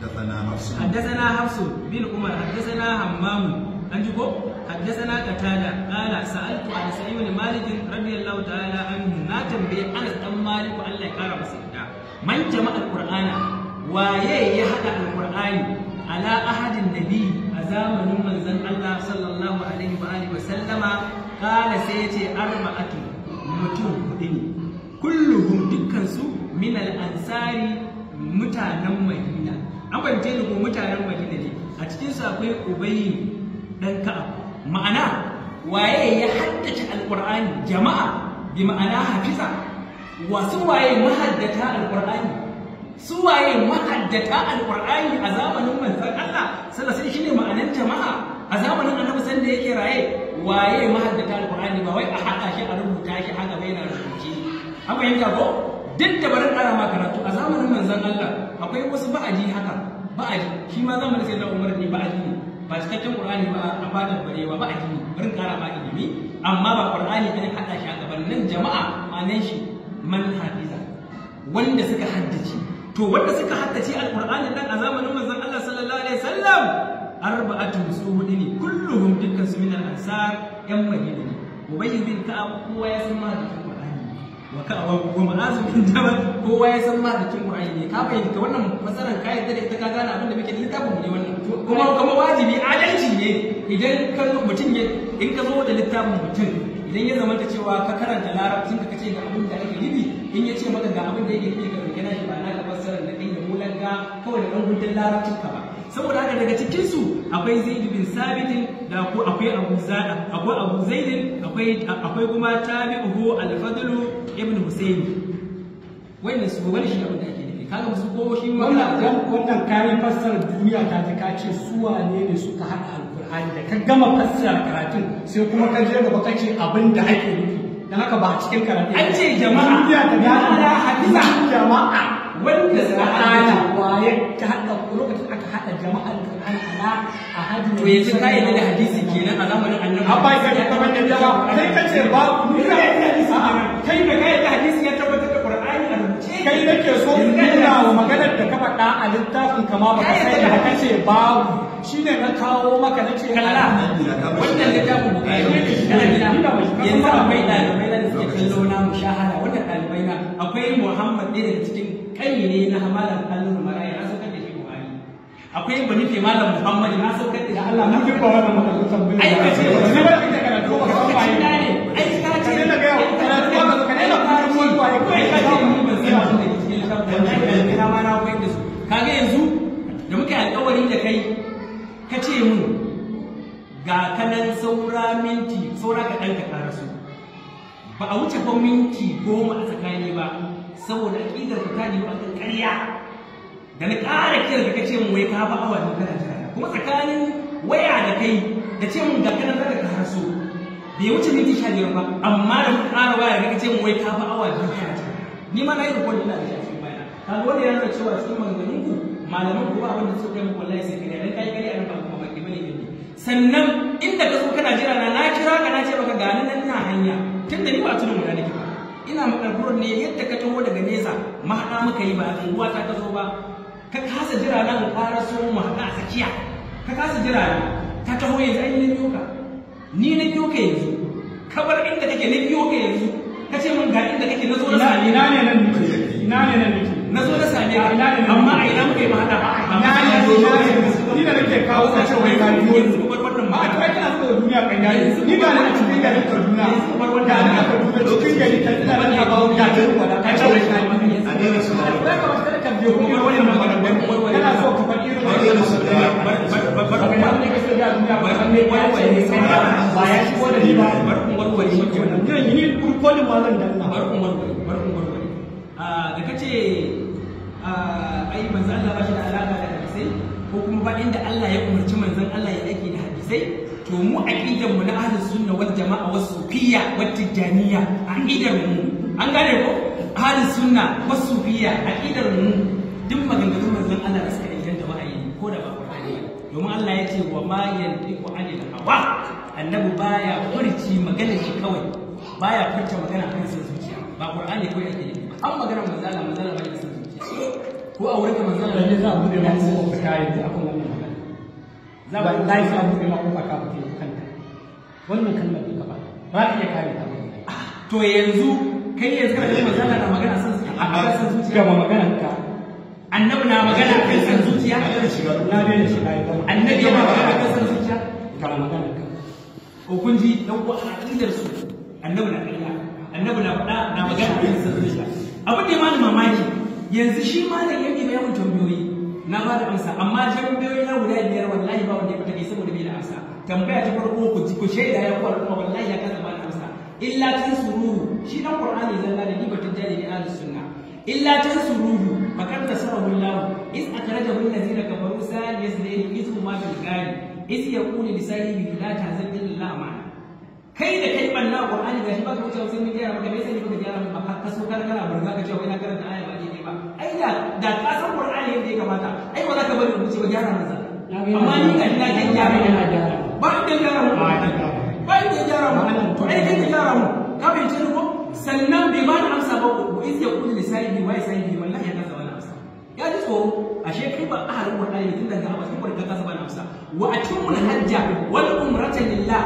حدثنا حفص حدثنا حفص بن عمر حدثنا همام أنجبو حدثنا قتادة قال سألت عن سعيد بن مالك رضي الله تعالى عنه ناتم بأنس بن مالك الله يكرم سيدنا من جمع القرآن waye ya haɗa alƙur'ani ala ahadin nabi a zamanin manzon Allah sallallahu alaihi wa sallama kala sai yace arba'atu mutum hudu ne kulluhum dukkan su ansari mutanen Madina an fahimce ni kuma mutanen madina ne a cikinsu akwai ubayi dan ka'a ma'ana waye ya haddace alqur'ani jama'a bi ma'ana hafiza su waye mahaddata alqur'ani su waye mahaddata alqur'ani a zamanin manzon Allah sallallahu alaihi shine ma'anan jama'a a zamanin annabi san da yake raye waye mahaddata alqur'ani ba wai a haɗa shi a rubuta shi haka bai na rubuce an fahimta ko duk da bari ƙara ma karatu a zamanin manzon Allah akwai wasu ba'aji haka ba'aji shi ma zamanin sai na Umar ne ba'aji ne ba cikakken Qur'ani ba a bada barewa ba'aji ne bari ƙara ma ilimi amma ba Qur'ani ne hada shi a gaban nan jama'a ma'anan shi man hadiza wanda suka haddace to wanda suka haddace Al-Qur'ani dan a zamanin manzon Allah sallallahu alaihi wasallam arba'atu suhudi ne kulluhum dukkan su min al-ansar yan madina ubay bin ka'ab kowa ya san ma da wa ka awa ko ma'azin jabal kowa ya san ma da kin ne ka bayyana ka wannan masalan ka da ita ka gane abin da muke littafin ne wannan kuma kuma wajibi adalci ne idan ka mutum ya in ka zo da littafin mutum idan ya zamanta cewa ka karanta larabcin ka kace ga abin da ake nufi in ya ce maka ga abin da yake nufi ka rigana shi ba na ka fassara da kai da mulanga kawai da dan larabcin ka ba saboda haka daga cikin su akwai Zaid bin Sabit da ko akwai Abu Zada akwai Abu Zaid akwai akwai kuma Tabi'uhu al-Fadlu ibn Hussein, wannan su wani shi abin da ake nufi kaga musu ko shi wannan wannan kayan fassarar duniya ta ta kace su wane ne suka haɗa alkur'ani da ka gama fassarar karatun sai kuma ka je gaba ce abin da ake nufi dan haka ba a cikin karatun an ce jama'a hadisa jama'a wanda sa'ada waye ta hada lokacin aka hada jama'ar Qur'an ala a to yanzu ka yi da hadisi kenan a zamanin annabi ka tabbatar da ba kai ka ce ba da hadisi kai da hadisi ya tabbatar da Qur'ani a rubuce kai nake so wa maganar da ka faɗa a littafin kama ba sai da ka ce shine na kawo maka na ce kalla yanzu akwai ɗalibai na da suke kallo na ɗalibai na akwai Muhammad ɗaya daga cikin kani ne na hamalan kallon maraya na saukar da shi buhari akwai ba nufi malam muhammad na saukar da allah na fi ba wannan makarantar tambayi ai ka ce ne ba kake karatu ba ka ba ina ne ai ka ce ne ga karatu ba ka ne ba ka ce ba ka ce ni ban sai ba da cikin littafin na ma na koyar Ka su kaga yanzu da muke alƙawari da kai ka ce mun ga kanan saura minti saura ka ɗan ka karasu ba a wuce ko minti goma a tsakani ba saboda aƙidar ku ta ji a kan ƙarya da na ƙara kira da kace mun wai ka ba awa ne kana jira kuma tsakanin waya da kai da ce mun ga kana zaka ka harso bai wuce minti sha biyar ba amma da mun ƙara waya da kace mun wai ka ba awa ne kana jira ni ma na yi rikon ina da shi a cikin bayana kaga wanda ya nuna cewa cikin maganganun ku malaman ku ba abin suka yi wallahi sai kariya dan kai kariya ba kuma baki bane ne sannan inda ka so kana jira na na kira ka na ce maka ga nan na hanya tunda ni ba tunan mu da nake ba ina maka burin ne yadda ka taho daga nesa mahaɗa muka yi ba a unguwa ta ka zo ba ka kasa jira nan ƙara so mu haɗa a tsakiya ka kasa jira nan ta taho yanzu an yi na biyo ka ni na biyo ka yanzu ka bar inda kake na biyo ka yanzu ka ce min ga inda kake na zo na sami ina ne nan muke ina ne nan muke na zo na sami amma a ina muka yi mahaɗa ba ina ne nan ne ni nake kawo ka ce wai ka biyo ni a cikin duniya kan a cikin garin Kaduna kamar wanda ni a Kaduna da ah, a da da ko da da da da sai ko kuma ba inda Allah ya umarci manzon Allah ya hadisai to mu aqidar mu na ahlus sunna wal jama'a was sufiyya tijaniya a aqidar mu an gane ko ahlus sunna sufiya sufiyya aqidar mu duk maganganun manzon Allah da suka inganta wa'ayi ko da ba Qur'ani domin Allah ya ce wa ma yantiqu da hawa annabi baya furci magana shi kawai baya furta magana kan san zuciya ba Qur'ani ko yake? yi an magana manzon Allah manzon Allah ba ya san zuciya ko a wurin manzon Allah ne za a da mu fita yanzu akan wannan wallahi sai an buɗe ma kofa ka mutu ya kanta wannan kalmar ɗin gaba ba ka iya kare ta to yanzu kai yanzu kana da manzala na magana san a san zuciya ga magana ka annabi na magana kan san zuciya na bai shiga annabi yana magana kan san zuciya ga magana ka ko kun ji dan uwa aqidar su annabi na ƙarya annabi na faɗa na magana kan san zuciya abin da ya mani mamaki yanzu shi malam yake mai yawan tambayoyi na ba da amsa amma jami'o'i na guda biyar wallahi ba wanda ya fita ke saboda bai da amsa tambaya ta farko ku ji ku shaida ya kwar kuma wallahi ya kasa ba da amsa illa tan sururu shi dan qur'ani zalla da libatin jari da ahlus sunna illa tan sururu fakar nasarahu allah is akrajahu allazina kafaru sal yasdil izu ma bil gari is yaqulu li sahibi la tahzan illa ma kai da kai banna qur'ani shi ba ka wuce wasu miliyan ba ka bai sani ba ka gyara ba ka so karkara burga ka ce wai na karanta aya ai da da ka san Qur'ani yadda ya kamata ai ba za ka bari rubuce ba gyara maza amma ni kan na kan gyara yana gyara ba ka gyara mu ba ka gyara mu to ai ka gyara mu ka bai ce ko sannan bai ba da amsa ba ko in ya kulli sahibi wai sahibi wallahi ya kasa wani amsa ya ji ko ashe kai ba ahalin Qur'ani tun daga amsa ko ka kasa wani amsa wa atimul hajja wal umrata lillah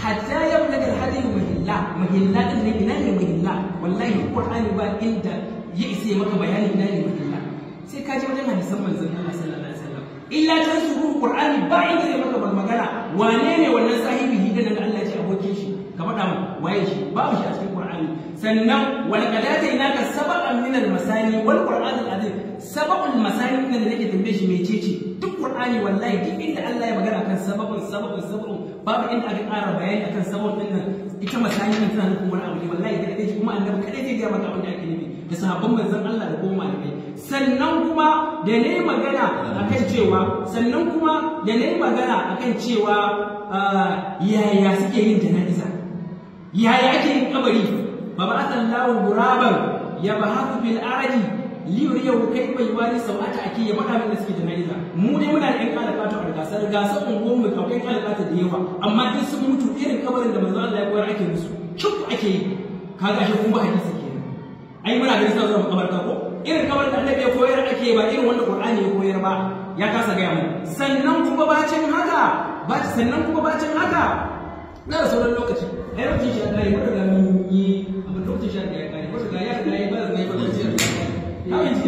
hatta yablagha al-hadi mahilla mahilla din ne ina ne mahilla wallahi Qur'ani ba inda ya isa ya maka bayanin na ne mahalla sai ka je wajen hadisan manzon Allah sallallahu alaihi wasallam illa ta suru qur'ani ba inda zai maka magana wane ne wannan sahibi hidan da Allah ya ce abokin shi ka faɗa mu waye shi babu shi a cikin qur'ani sannan wal qadata inaka sabaqan min al masani wal qur'an al azim sabaqul masani din da nake tambaye shi mecece duk qur'ani wallahi duk inda Allah ya magana kan sabaqun sabaqun sabaqun babu inda aka ƙara bayani akan sabaqun din nan ita masani din tana nufin wani abu ne wallahi da kake kuma annabi kadai zai ga maka abin da ake nufi da sabon manzon Allah da kuma malamai sannan kuma da ne magana akan cewa sannan kuma da ne magana akan cewa yaya suke yin jana'iza yaya ake yin kabari ba ba sallahu guraban ya ba haku fil araji liyuriya kai bai wani sau'ata ake yi faɗa da suke jana'iza mu dai muna da ƴan kalakatu a gasar gasar unguwar mu kawai kalakatu da yawa amma duk sun mutu irin kabarin da manzo Allah ya koyar ake musu kyau ake yi Ka shi kuma hadisi ai muna ganin suna zuwa makabarta ko irin kamar da Allah ya koyar ake ba irin wanda qur'ani ya koyar ba ya kasa gaya mu sannan kuma bacin haka ba sannan kuma bacin haka na da sauran lokaci ai lokacin shi Allah ya da mun yi amma lokacin shi Allah ya kare ko riga ya riga ya bar zai bar jiya lokacin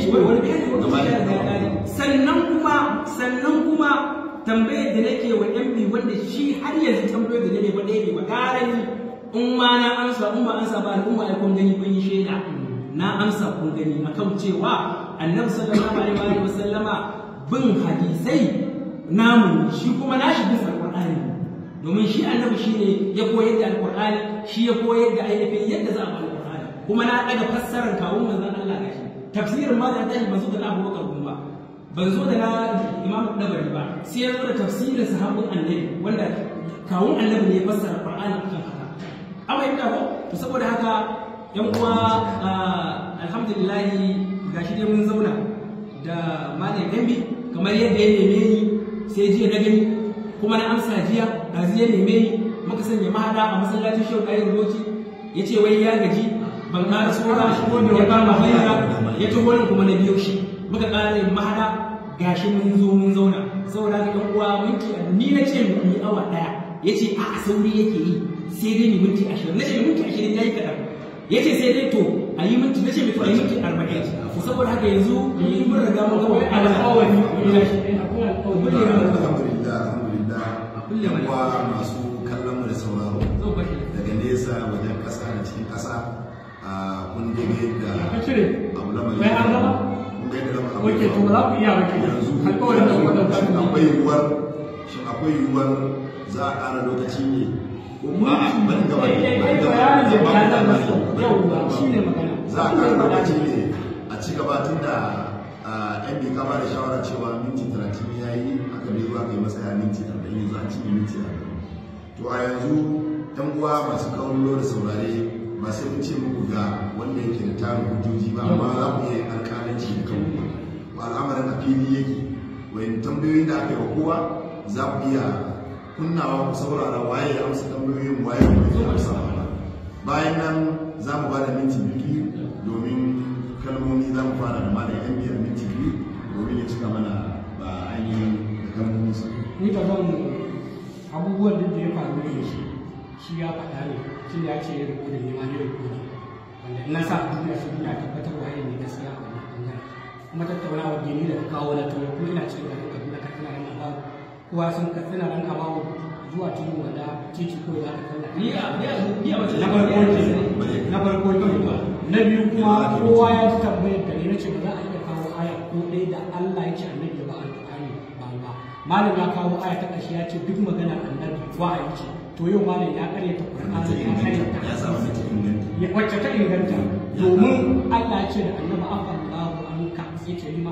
shi wani irin ne da ya kare sannan kuma sannan kuma tambayar da nake wa yan wanda shi har yanzu tambayar da nake wa ɗaya ne wa ƙarani in ma na amsa in ba amsa ba al'umma ya kun gani kun yi shaida na amsa kun gani akan cewa annabi sallallahu alaihi wa sallama bin hadisai namu shi kuma na shi bisa alqur'ani domin shi annabi ne ya koyar da alqur'ani shi ya koyar da ainihin yadda za a bi alqur'ani kuma na daga fassarar kawun manzon Allah gashi tafsirin ma da tashi ban zo da Abubakar kuma ban zo da na Imam Dabari ba sai ya zo da tafsirin sahabbin annabi wanda kawun annabi ne ya fassara alqur'ani amma ina ko to saboda haka yan uwa alhamdulillah gashi dai mun zauna da malam dambe kamar yadda ya neme ni sai jiya na gani kuma na amsa jiya da ya neme ni muka sanya mahaɗa a masallacin shau ɗayan roci ya ce wai ya gaji ban ƙara ba shi ko da ya kama ya taho kuma na biyo shi muka ƙara yin gashi mun zo mun zauna saboda haka 'yan uwa mun ni na ce mu yi awa ɗaya ya ce a sauri yake yi sai dai mu minti ashirin na ce minti ashirin ya yi kaɗan ya ce sai dai to a yi minti na ce mutu a yi minti arba'in saboda haka yanzu yi mun riga mun gama wani alƙawari alhamdulillah masu kallon mu da sauraro daga nesa wajen ƙasa da cikin ƙasa a kun dage da abu lamarin wake to za ku iya wake yanzu alƙawarin da kuka ɗauka shin akwai yiwuwar za a ƙara lokaci ne ban da za a karɓar a ci gaba tun da yan bi kama da shawara cewa minti talatin ya yi aka bai zuwa kai masaya minti arba'in yanzu an cinye minti arba'in to a yanzu dan uwa masu kawo da saurare ba sai mun ce muku ga wanda yake da tarin hujjoji ba amma za mu yi alƙalanci da kanku ba al'amarin a fili yake wayan tambayoyin da aka yi wa kowa za ku iya kunnawa ku saurara waye ya amsa tambayoyin waye ku ya amsa bayan nan za mu ba da minti biyu domin kalmomi za mu fara da malam yan biyar minti biyu domin ya cika mana ba ainihin da kalmomi su ni ba zan abubuwan da ya faru da shi shi ya faɗa ne shi ya ce ya rubuta ne ma ne rubuta wanda ina sa duniya shi duniya tabbatar waye ne gaskiya a wannan bangaren kuma tattaunawa gini da kawo na turai kuma ina cikin sun katsina ran abawo zuwa tudun wada titi kawai za ka kalla na farko na farko na biyu kuma kowa ya ji tambayar da ne na ce ba za a iya kawo aya ko dai da Allah ya ce annabi ba alƙur'ani ba ba malam ya kawo aya ta ƙarshe ya ce duk magana annabi a ce to yau malam ya karya Qur'ani ya ƙaryata ya samu ta inganta wacce ta inganta domin Allah ya ce da annabi afallahu anka yake yi ma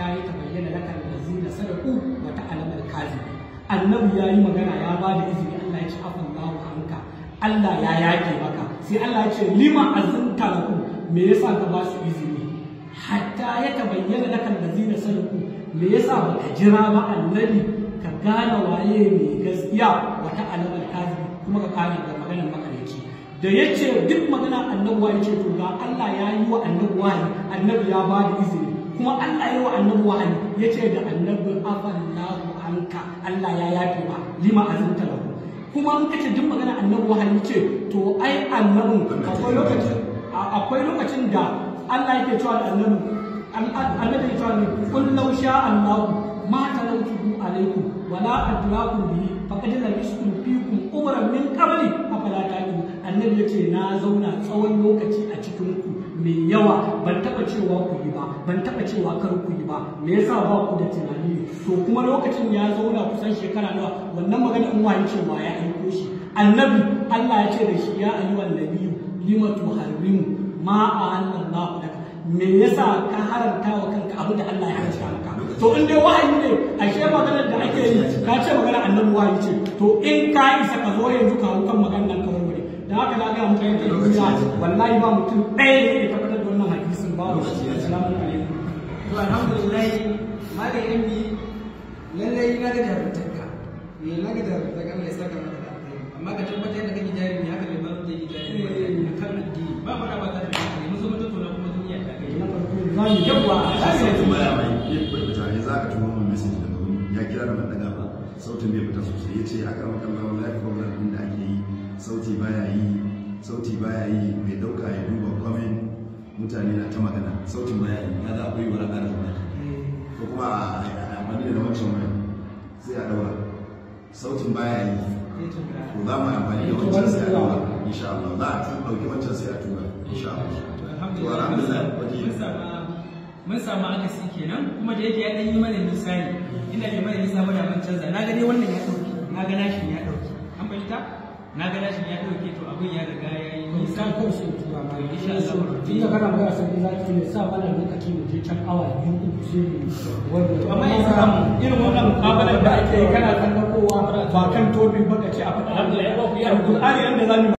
hatta yi ta bayyana laka da sadaqu wa wata al-kadhib annabi yi magana ya ba da izini Allah ya ce gawo anka Allah ya yake maka sai Allah ya ce lima azin lakum me yasa ka ba su izini hatta ya ta bayyana laka allazina sadaqu me yasa baka jira ba annabi ka gane waye mai gaskiya wata alamar kazi kuma ka kare da maganar makarici da ya ce duk magana annabuwa ya ce to ga Allah ya yi wa annabuwa annabi ya ba da izini kuma Allah ya wa annabi ya ce da annabi afallahu anka Allah ya yafe ba lima azanta lahu kuma in kace duk magana annabi wahayi ce to ai annabin akwai lokacin akwai lokacin da Allah yake cewa da annabi annabi ya cewa kun law sha Allah ma talawtuhu alaikum wala adrakum bihi faqad labistu fikum umran min qabli afala ta'lamun annabi ce na zauna tsawon lokaci a cikin ku mai yawa ban taɓa cewa ku yi ba ban taɓa cewa kar ku yi ba me yasa ba ku da tunani ne? to kuma lokacin ya zauna kusan shekara nawa wannan magana in ce wa ya aiko shi annabi Allah ya ce da shi ya ayyuhan nabiyyu limatu harimu ma a ahallallahu lak me yasa ka haranta wa kanka abu da Allah ya haramta maka to in dai wahayi ne ashe maganar da ake yi ka ce maganar annabi wahayi ce to in ka isa ka zo yanzu ka hukan maganar ka da haka na ga mutane da duniya wallahi ba mutum ɗaya ne ya tabbatar da wannan hadisin ba wa shi assalamu alaikum to alhamdulillah malam yandi lallai na ga jarumtarka ne na ga jarumtarka Allah ya saka maka da alheri amma ka tabbatar da kake ce a kan wannan da ake yi sauti baya yi sauti baya yi mai dauka ya duba comment mutane na ta magana sautin baya yi ya za a bai wani ƙara zama ko kuma a amfani da wancan wani sai a daura sautin baya yi ko za mu amfani da wancan sai a daura insha Allah za a ɗauki wancan sai a tura insha Allah alhamdulillah mun samu akasi kenan kuma da yake ya ɗan yi mana misali ina yi mana nisa mana mun canza na gani wannan ya ɗauki na ga nashin ya ɗauki an fahimta na ga rashin ya ɗauke to abin ya riga ya yi nisan ko shi tura ma insha Allah tun da kana magana sai za ki ne sa mana lokaci mu je can awa biyu uku sai mu wanda amma in samu irin wannan mukabalar da ake kana kan kowa ba kan tobi ba ka ce a faɗa Alhamdulillah ya ba ku yi Alhamdulillah yanda zamu